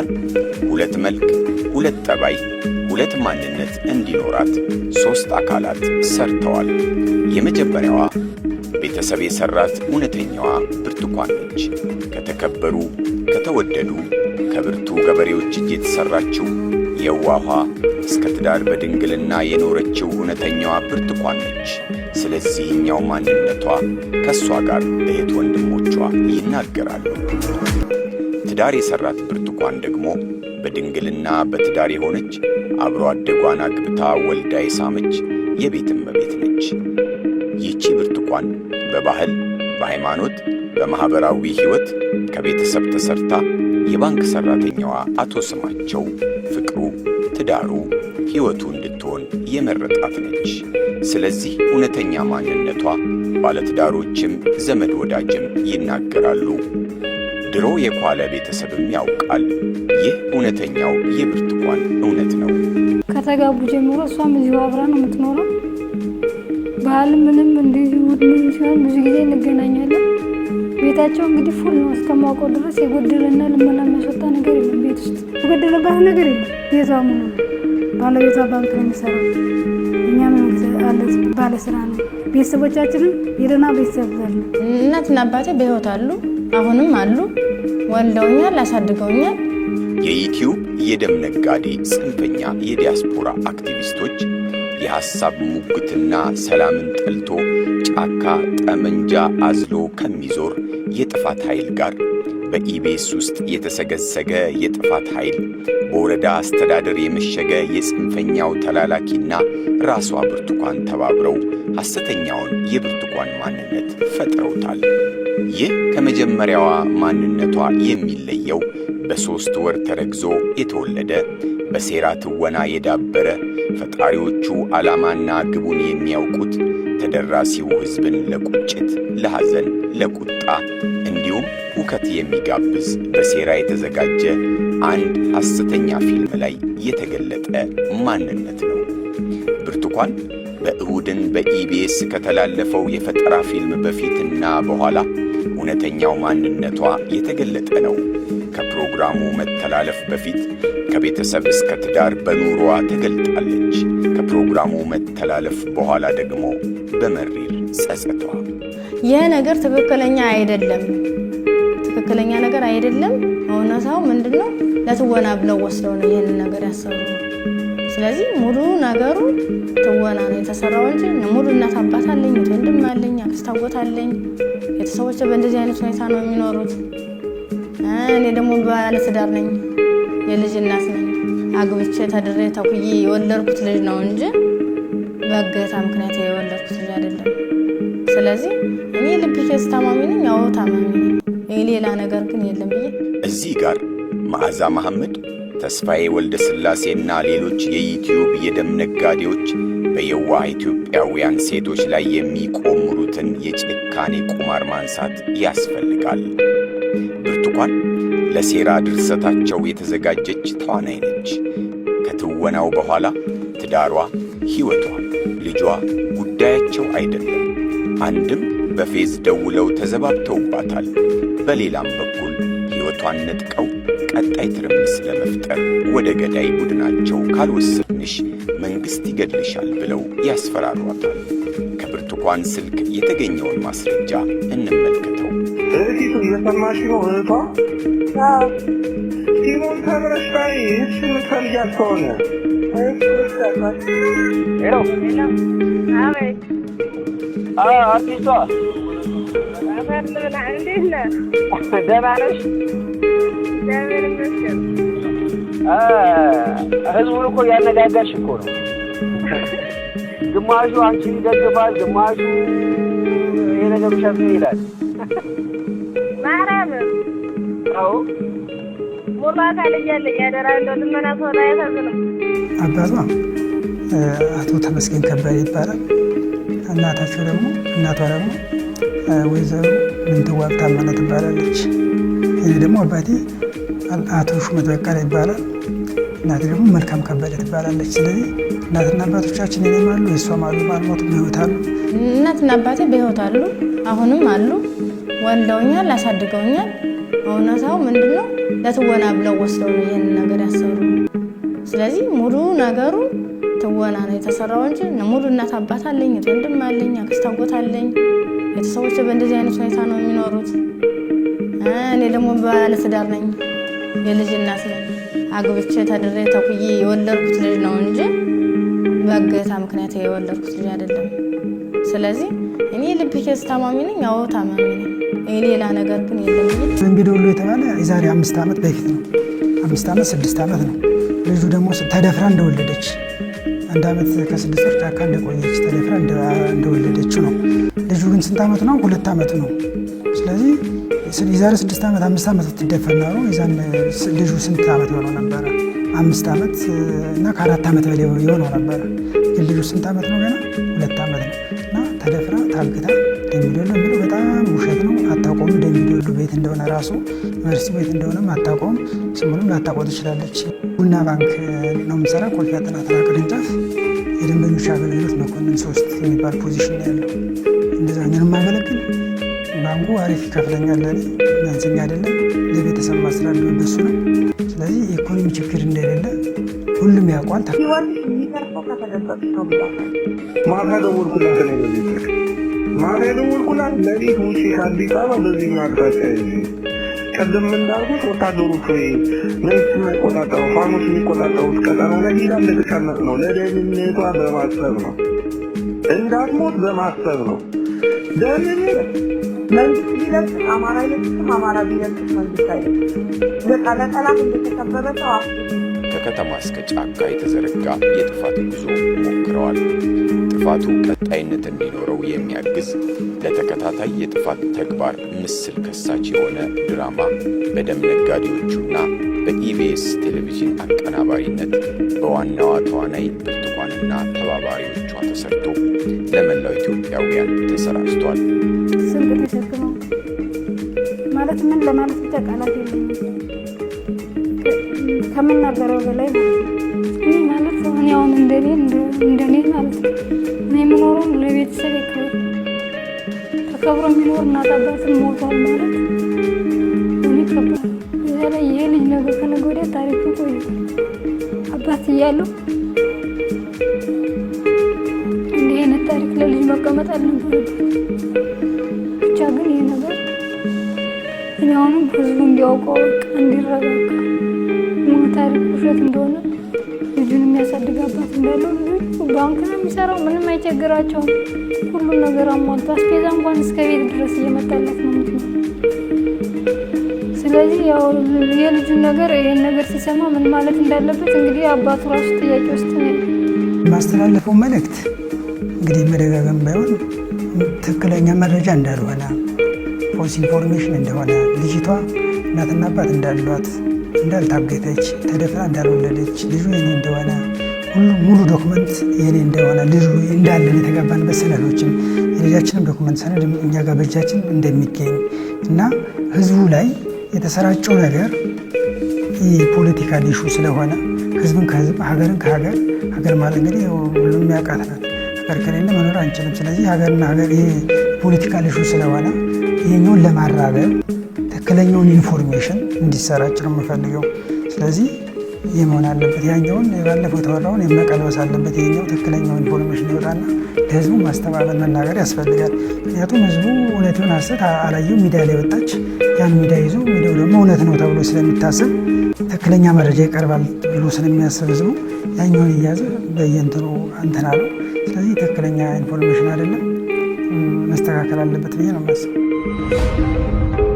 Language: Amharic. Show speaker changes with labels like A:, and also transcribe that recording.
A: እንኳን ሁለት መልክ፣ ሁለት ጠባይ፣ ሁለት ማንነት እንዲኖራት ሦስት አካላት ሰርተዋል። የመጀመሪያዋ ቤተሰብ የሠራት እውነተኛዋ ብርቱካን ነች። ከተከበሩ ከተወደዱ ከብርቱ ገበሬዎች እጅ የተሠራችው የዋኋ እስከ ትዳር በድንግልና የኖረችው እውነተኛዋ ብርቱካን ነች። ስለዚህኛው ማንነቷ ከእሷ ጋር እህት ወንድሞቿ ይናገራሉ። ትዳር የሠራት ብርቱካን ደግሞ በድንግልና በትዳር የሆነች አብሮ አደጓን አግብታ ወልዳ የሳመች የቤት እመቤት ነች። ይቺ ብርቱካን በባህል፣ በሃይማኖት፣ በማኅበራዊ ሕይወት ከቤተሰብ ተሠርታ የባንክ ሠራተኛዋ አቶ ስማቸው ፍቅሩ፣ ትዳሩ፣ ሕይወቱ እንድትሆን የመረጣት ነች። ስለዚህ እውነተኛ ማንነቷ ባለትዳሮችም ዘመድ ወዳጅም ይናገራሉ። ድሮ የኳለ ቤተሰብም ያውቃል። ይህ እውነተኛው የብርቱካን እውነት ነው።
B: ከተጋቡ ጀምሮ እሷም እዚሁ አብራ ነው የምትኖረው። ባህል ምንም እንደዚሁ ምንም ሲሆን ብዙ ጊዜ እንገናኛለን። ቤታቸው እንግዲህ ፉል ነው እስከማውቀው ድረስ የጎደለና ልመና የሚያስወጣ ነገር የለም። ቤት ውስጥ የጎደለባት ነገር የለም። ቤቷ ሙሉ ነው። ባለቤቷ ባንክ ነው የሚሰራው። እኛም ባለስራ ነው። ቤተሰቦቻችንም የደህና ቤተሰብ እና
C: እናትና አባቴ በህይወት አሉ። አሁንም አሉ። ወልደውኛል፣ አሳድገውኛል።
A: የዩትዩብ የደም ነጋዴ ጽንፈኛ የዲያስፖራ አክቲቪስቶች የሐሳብ ሙግትና ሰላምን ጠልቶ ጫካ ጠመንጃ አዝሎ ከሚዞር የጥፋት ኃይል ጋር በኢቤስ ውስጥ የተሰገሰገ የጥፋት ኃይል በወረዳ አስተዳደር የመሸገ የጽንፈኛው ተላላኪና ራሷ ብርቱካን ተባብረው ሐሰተኛውን የብርቱካን ማንነት ፈጥረውታል። ይህ ከመጀመሪያዋ ማንነቷ የሚለየው በሦስት ወር ተረግዞ የተወለደ በሴራ ትወና የዳበረ ፈጣሪዎቹ ዓላማና ግቡን የሚያውቁት ተደራሲው ሕዝብን ለቁጭት፣ ለሐዘን፣ ለቁጣ እንዲሁም ሁከት የሚጋብዝ በሴራ የተዘጋጀ አንድ ሐሰተኛ ፊልም ላይ የተገለጠ ማንነት ነው። ብርቱካን በእሁድን በኢቢኤስ ከተላለፈው የፈጠራ ፊልም በፊትና በኋላ እውነተኛው ማንነቷ የተገለጠ ነው። ከፕሮግራሙ መተላለፍ በፊት ከቤተሰብ እስከ ትዳር በኑሮዋ ተገልጣለች። ከፕሮግራሙ መተላለፍ በኋላ ደግሞ በመሪር ጸጸቷ
C: ይህ ነገር ትክክለኛ አይደለም ትክክለኛ ነገር አይደለም። እውነታው ምንድነው ለትወና ብለው ወስደው ነው ይህንን ነገር ያሰሩ። ስለዚህ ሙሉ ነገሩ ትወና ነው የተሰራው እንጂ ሙሉ እናት አባት አለኝ፣ ወንድም አለኝ፣ አክስት አጎት አለኝ። ቤተሰቦች በእንደዚህ አይነት ሁኔታ ነው የሚኖሩት። እኔ ደግሞ ባለትዳር ነኝ፣ የልጅ እናት ነኝ። አግብቼ ተድሬ ተኩዬ የወለድኩት ልጅ ነው እንጂ በእገታ ምክንያት የወለድኩት ልጅ አይደለም። ስለዚህ እኔ ልብ ኬዝ ታማሚ ነኝ፣ ያው ታማሚ ነኝ። የሌላ ነገር ግን የለም ብዬ
A: እዚህ ጋር መዓዛ መሐመድ፣ ተስፋዬ ወልደ ሥላሴና ሌሎች የዩትዩብ የደም ነጋዴዎች በየዋህ ኢትዮጵያውያን ሴቶች ላይ የሚቆምሩትን የጭካኔ ቁማር ማንሳት ያስፈልጋል። ብርቱካን ለሴራ ድርሰታቸው የተዘጋጀች ተዋናይ ነች። ከትወናው በኋላ ትዳሯ፣ ሕይወቷ፣ ልጇ ጉዳያቸው አይደለም። አንድም በፌዝ ደውለው ተዘባብተውባታል። በሌላም በኩል ሕይወቷን ነጥቀው ቀጣይ ትርምስ ለመፍጠር ወደ ገዳይ ቡድናቸው ካልወሰድንሽ መንግሥት ይገድልሻል ብለው ያስፈራሯታል። ከብርቱካን ስልክ የተገኘውን ማስረጃ እንመልከተው።
D: እህቲቱ እየሰማሽ ነው እህቷ ሲሞን ተምረሽ ላይ እሱ ምትፈልጊያት ከሆነ
E: ሄሎ አዲሷ
F: እንዴት ነህ?
E: ደህና ነሽ? ህዝቡን እኮ ያነጋገርሽ እኮ ነው። ግማሹ አንቺን ይደግፋል፣ ግማሹ ይሄ ነገር ውሸት ይላል። ማርያም አዎ፣
F: ያደራ እንደ ልመና ሰው ላይ ያሳዝነው
G: አባቷ አቶ ተመስገን ከበደ ይባላል። እናታቸው ደግሞ እናቷ ደግሞ ወይዘሮ ምንትዋብ ታመነ ትባላለች። እኔ ደግሞ አባቴ አቶ ሹመት በቀለ ይባላል። እናቴ ደግሞ መልካም ከበደ ትባላለች። ስለዚህ እናትና አባቶቻችን እኔም አሉ የእሷም አሉ ማልሞት በህይወት አሉ።
C: እናትና አባቴ በህይወት አሉ፣ አሁንም አሉ። ወልደውኛል፣ አሳድገውኛል። እውነታው ምንድነው ለትወና ብለው ወስደው ነው ይህንን ነገር ያሰሩ። ስለዚህ ሙሉ ነገሩ ትወና ነው የተሰራው እንጂ ሙሉ እናት አባት አለኝ፣ ወንድም አለኝ፣ አክስት አጎት አለኝ። ቤተሰቦች በእንደዚህ አይነት ሁኔታ ነው የሚኖሩት። እኔ ደግሞ ባለትዳር ነኝ፣ የልጅ እናት ነኝ። አግብቼ ተድሬ ተኩዬ የወለድኩት ልጅ ነው እንጂ በእገታ ምክንያት የወለድኩት ልጅ አይደለም። ስለዚህ እኔ ልብ ኬዝ ታማሚ ነኝ፣ አዎ ታማሚ ነኝ። ሌላ ነገር ግን የለኝም።
G: እንግዲህ ሁሉ የተባለ የዛሬ አምስት ዓመት በፊት ነው። አምስት ዓመት ስድስት ዓመት ነው ልጁ ደግሞ ተደፍራ እንደወለደች አንድ ዓመት ከስድስት ወር ጫካ እንደቆየች ተደፍራ እንደወለደችው ነው። ልጁ ግን ስንት አመት ነው? ሁለት አመት ነው። ስለዚህ የዛሬ ስድስት ዓመት አምስት ዓመት ትደፈር ነው። የዛን ልጁ ስንት ዓመት የሆነው ነበረ? አምስት ዓመት እና ከአራት ዓመት በላይ የሆነው ነበረ። ግን ልጁ ስንት ዓመት ነው? ገና ሁለት ዓመት ነው እና ተደፍራ ታግታ ደንቢዶሎ የሚለው በጣም ውሸት ነው። አታቆም ደንቢዶሎ ቤት እንደሆነ ራሱ ዩኒቨርሲቲ ቤት እንደሆነ አታቆም። ስሙንም ላታቆ ትችላለች። ቡና ባንክ ነው የምሰራ ኮፊያ ጥናትና ቅርንጫፍ የደንበኞች አገልግሎት መኮንን ሶስት የሚባል ፖዚሽን ያለው። እንደዛ እኔንም አገለግል ባንኩ አሪፍ ይከፍለኛል። ለኔ ገንዘብ አይደለም ለቤተሰብ ማስተዳደር እንደሱ ነው። ስለዚህ የኢኮኖሚ ችግር እንደሌለ ሁሉም ያውቋል።
H: ማታ ደወልኩላት ነው ማታ የደወልኩላት ለሊት ውጪ ከአዲስ አበባ በዚህ አቅጣጫ ይዤ ቀደም እንዳልኩት ወታደሮቹ መንግስት የማይቆጣጠሩ ፋኖስ የሚቆጣጠሩት ቀጠና ላይ ሄዳ እንደተቀመጥ ነው። ለደህንነቷ በማሰብ ነው፣ እንዳትሞት በማሰብ ነው። ደህንነት
I: መንግስት ቢለብስ አማራ ይለብስም፣ አማራ ቢለብስ መንግስት አይለብስም። በቃ ለጠላት እንደተከበበ ሰው
A: ከከተማ እስከ ጫካ የተዘረጋ የጥፋት ጉዞ ሞክረዋል። ጥፋቱ ቀጣይነት እንዲኖረው የሚያግዝ ለተከታታይ የጥፋት ተግባር ምስል ከሳች የሆነ ድራማ በደም ነጋዴዎቹና በኢቢኤስ ቴሌቪዥን አቀናባሪነት በዋናዋ ተዋናይ ብርቱካንና ተባባሪዎቿ ተሰርቶ ለመላው ኢትዮጵያውያን ተሰራጭቷል።
C: ማለት ምን ለማለት ብቻ ቃላት የለኝም። ከምናገረው በላይ ማለት እኔ አሁን እንደኔ እንደኔ ማለት ነው እኔ የምኖረው ለቤተሰብ ክብር ተከብሮ የሚኖር እናት አባትን ሞቷል ማለት እኔ ከባድ። እዛ ላይ ይሄ ልጅ ነገር ከነገ ወዲያ ታሪኩ ቆይ አባት እያለው እንዲህ አይነት ታሪክ ለልጅ መቀመጥ አልነበረብኝ። ብቻ ግን ይሄ ነገር እኔ አሁንም ህዝቡ እንዲያውቀው እንዲረጋጋ ሙሉ ታሪክ ውሸት እንደሆነ ይወዳሉ። ባንክ ነው የሚሰራው፣ ምንም አይቸግራቸውም። ሁሉም ነገር አሟልቶ አስቤዛ እንኳን እስከ ቤት ድረስ እየመጣለት ነው ምት ስለዚህ ያው የልጁን ነገር ይህን ነገር ሲሰማ ምን ማለት እንዳለበት እንግዲህ አባቱ ራሱ ጥያቄ ውስጥ ነው።
G: የማስተላለፈው መልእክት እንግዲህ መደጋገም ባይሆን ትክክለኛ መረጃ እንዳልሆነ ፎልስ ኢንፎርሜሽን እንደሆነ ልጅቷ እናትና አባት እንዳሏት እንዳልታገተች ተደፍራ እንዳልወለደች ልጁ የኔ እንደሆነ ሁሉም ሙሉ ዶክመንት የኔ እንደሆነ ልጁ እንዳለን የተጋባንበት ሰነዶችን የልጃችንም ዶክመንት ሰነድ እኛ ጋር በእጃችን እንደሚገኝ እና ህዝቡ ላይ የተሰራጨው ነገር የፖለቲካል ሊሹ ስለሆነ ህዝብን ከህዝብ ሀገርን ከሀገር ሀገር ማለት እንግዲህ ሁሉም ያውቃታል። ሀገር ከሌለ መኖር አንችልም። ስለዚህ ሀገርና ሀገር ፖለቲካ ሊሹ ስለሆነ ይህኛውን ለማራገብ ትክክለኛውን ኢንፎርሜሽን እንዲሰራጭ ነው የምፈልገው። ስለዚህ ይህ መሆን አለበት። ያኛውን ባለፈው የተወራውን የመቀልበስ አለበት። ይኛው ትክክለኛው ኢንፎርሜሽን ይወጣና ለህዝቡ ማስተባበል መናገር ያስፈልጋል። ምክንያቱም ህዝቡ እውነትን ሀሰት አላየው ሚዲያ ላይ ወጣች። ያን ሚዲያ ይዞ ሚዲያው ደግሞ እውነት ነው ተብሎ ስለሚታሰብ ትክክለኛ መረጃ ይቀርባል ብሎ ስለሚያስብ ህዝቡ ያኛውን እያዘ በየንትኑ አንተና ለው። ስለዚህ ትክክለኛ ኢንፎርሜሽን አይደለም፣ መስተካከል አለበት ብዬ ነው የማስበው።